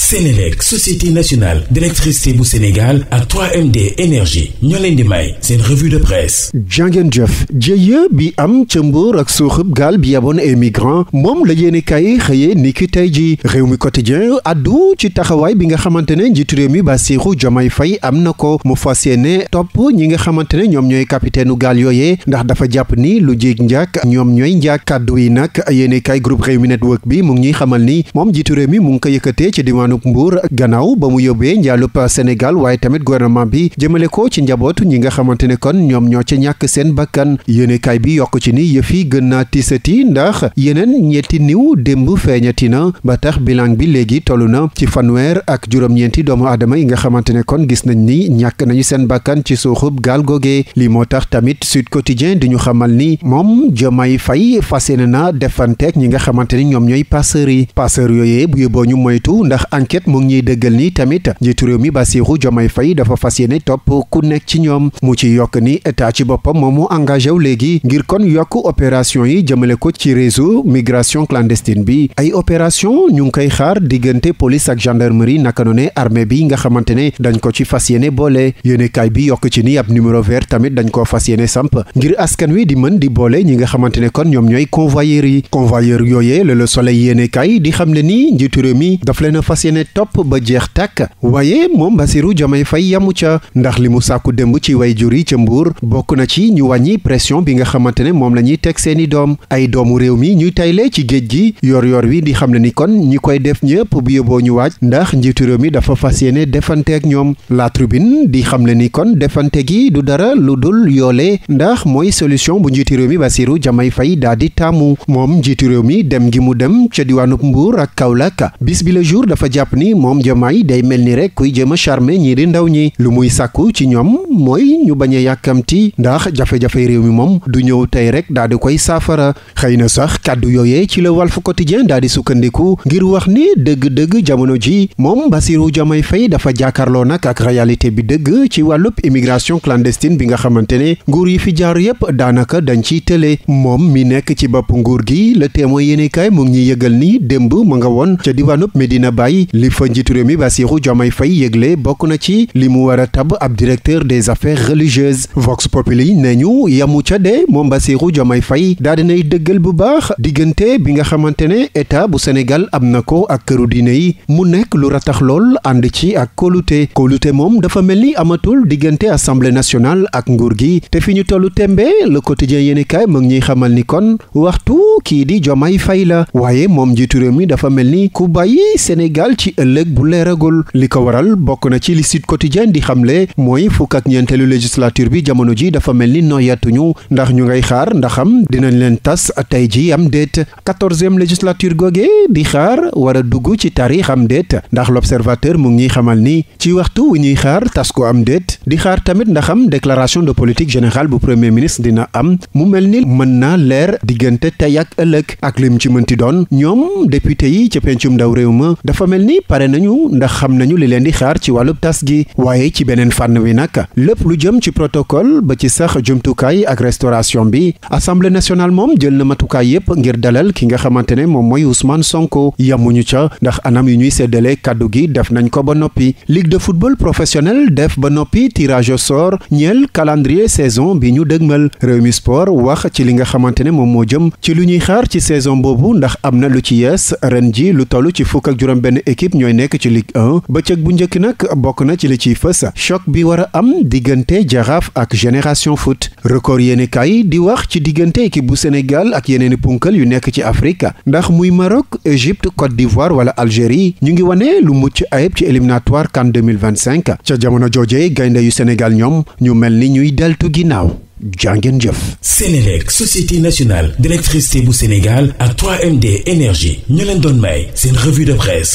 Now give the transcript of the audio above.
Sénélec société nationale d'électricité bu Sénégal ak 3MD énergie ñoo leen di may seen revue de presse. jàngeen jëf jëye bi am ca Mbour ak suuxub gaal bi yaboon émigrant moom la yéene kay xëyee niki tey ji réew mi quotidien addu ci taxawaay bi nga xamante ne njiitu réew mi Bassirou Diomaye Faye am na ko mu fas yéene topp ñi nga xamante ne ñoom ñooy capitaine u gaal yooyee ndax dafa jàpp ni lu jéeg njàkk ñoom ñooy njàkk kàddu yi nag yéene kay groupe réew mi bi mu ngi ñuy xamal ni moom njiitu mu ngi ko yëkkatee ci diwaanub Mbour gannaaw ba mu yóbbee njaalub Sénégal waaye tamit gouvernement bi jëmale ko ci njabootu ñi nga xamante ne kon ñoom ñoo ci ñàkk seen bakkan yéenekaay bi yokk ci ni yëf yi gën naa tiisati ndax yeneen ñetti niw démb feeñati na ba tax bilan bi léegi tollu na ci fanweer ak juróom-ñeenti doomu aadama yi nga xamante ne kon gis nañ ni ñàkk nañu seen bakkan ci suuxub gaal googee lii moo tax tamit Sud Quotidien di ñu xamal ni moom Diomaye fay fas yéene na defanteeg ñi nga xamante ni ñoom ñooy passeurs yi passeurs yooyee enquête mu ngi ñuy dëggal ni tamit njiitu réew mi Bassirou Diomaye Faye dafa fas yéene ku nekk ci ñoom mu ci yokk ni état ci boppam moom mu engagé wu léegi ngir kon yokk opération yi jëmale ko ci réseau migration clandestine bi ay opération ñu ngi koy xaar diggante police ak gendarmerie naka noone armée bi nga xamante ne dañ ko ci fas yéene boole yéenekaay bi yokk ci ni ab numéro vert tamit dañ ko fas yéene samp ngir askan wi di mën di boole ñi nga xamante ne kon ñoom ñooy convoyeur yi convoyeur yooyee le soleil yéenekaay di xam ne njiitu réew mi daf leen fas yéene topp ba jeex tàkk waaye moom Bassirou jamay fay yamu ca ndax li mu sàkku démb ci way jur yi ca Mbuur bokk na ci ñu wàññi pression bi nga xamante ne moom la ñuy teg seeni doom ay doomu réew mi ñuy tayle ci géej gi yoor yoor wi di xam ne ni kon ñi koy def ñëpp bu yóbboo ñu waaj ndax njiitu réew mi dafa fas yéene defante ak ñoom la di xam ne ni kon defante gi du dara lu dul yoole ndax mooy solution bu njiitu réew mi Bassirou Diomaye Faye daa di taamu moom njiitu réew mi dem gi mu dem ca diwaanub Mbuur ak Kaolack dafa jàpp ni moom Diomaye day mel ni rek kuy jëm a charmer ñii di ndaw ñi lu muy sàkku ci ñoom mooy ñu bañ a yàkkamti ndax jafe-jafe réew mi moom du ñëw tey rek daal di koy saafara xëy na sax kàddu yooyee ci la Walf Quotidien daal di sukkandiku ngir wax ni dëgg-dëgg jamono ji moom Bassirou Diomaye Faye dafa jàkkaarloo nag ak réalité bi dëgg ci wàllu immigration clandestine bi nga xamante ne nguur yi fi jaar yépp daanaka dañ ciy tële moom mi nekk ci bopp nguur gi Le Témoin yéenekaay mu ngi ñuy yëgal ni yi li fa njiitu réew bokk na ci li mu war a tab ab directeur des affaires religieuses Vox Populi ne ñu yamu ca de moom Bassirou Diomaye Faye daa dinay dëggal bu baax diggante bi nga xamante ne état bu Sénégal am na ko ak këru diine yi mu nekk lu ratax lool ànd ci ak kóolute kóolute moom dafa mel ni amatul diggante assemblée nationale ak nguur gi te fi ñu tollu tembe la quotidien yéeni kaay mu ngi ñuy xamal ni kon waxtu kii di Diomaye Faye la waaye moom njiitu réew dafa mel ni ku bàyyi Sénégal Sénégal ci ëllëg bu leeragul li ko waral bokk na ci li Sud Quotidien di xamle mooy fukk ak ñeenteelu législature bi jamono ji dafa mel ni noyatuñu ndax ñu ngay xaar ndaxam dinañ leen tas tey ji am déet quatorzième législature googe di xaar war a dugg ci taarix am déet ndax l'observateur mu ngi xamal ni ci waxtu wu ñuy xaar tas ko am déet di xaar tamit ndaxam déclaration de politique générale bu premier ministre dina am mu mel ni mën na leer diggante tey ak ëllëg ak lim ci mënti doon ñoom député yi ca pencum ndaw réew ma dafa mel mel ni pare nañu ndax xam nañu li leen di xaar ci wàllub tas gi waaye ci beneen fànn wi nag lépp lu jëm ci protocole ba ci sax jumtukaay ak restauration bi assemblée nationale moom jël na matukaay yépp ngir dalal ki nga xamante ne moom mooy Ousmane Sonko yamuñu ca ndax anam yu ñuy séddale kàddu gi def nañ ko ba noppi ligue de football professionnel def ba noppi tirage au sort ñeel calendrier saison bi ñu dëgmal Rewmi Sport wax ci li nga xamante ne moom moo jëm ci lu ñuy xaar ci saison boobu ndax am na lu ci yees ren ji lu toll ci fukk ak équipe ñooy nekk ci Ligue 1 bëccëg bu njëkk nag bokk na ci la ciy fës choc bi war a am diggante jaraaf ak génération foot record yéene kaay di wax ci diggante équipe bu Sénégal ak yeneeni punkal yu nekk ci Afrique ndax muy Maroc Égypte Côte d'Ivoire wala Algérie ñu ngi wane lu mucc ayib ci éliminatoire CAN 2025 ca jamono joojee gaynde yu Sénégal ñoom ñu mel ni ñuy deltu ginnaaw jàngeen jëf Sénélec société nationale d'électricité bu Sénégal ak 3MD énergie ñu leen doon may seen revue de presse